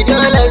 dole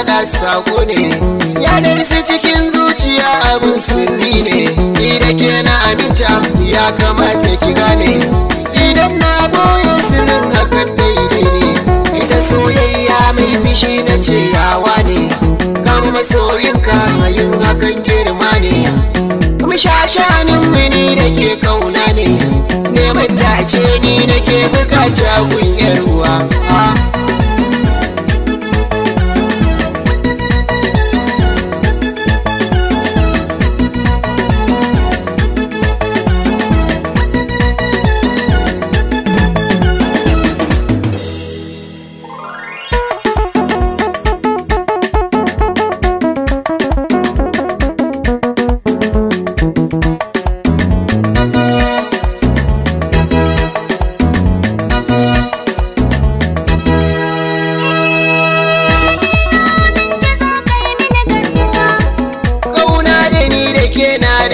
faɗa sako ne yanar su cikin zuciya abin sirri ne ni da ke na aminta ya kamata ki gane idan na boye sirrin hakan daidai ne ita soyayya mai fishi na ce yawa ne kama masoyinka yin hakan girma ne kuma shashanin mini da ke kauna ne neman dace ni da ke bukata kunyar ruwa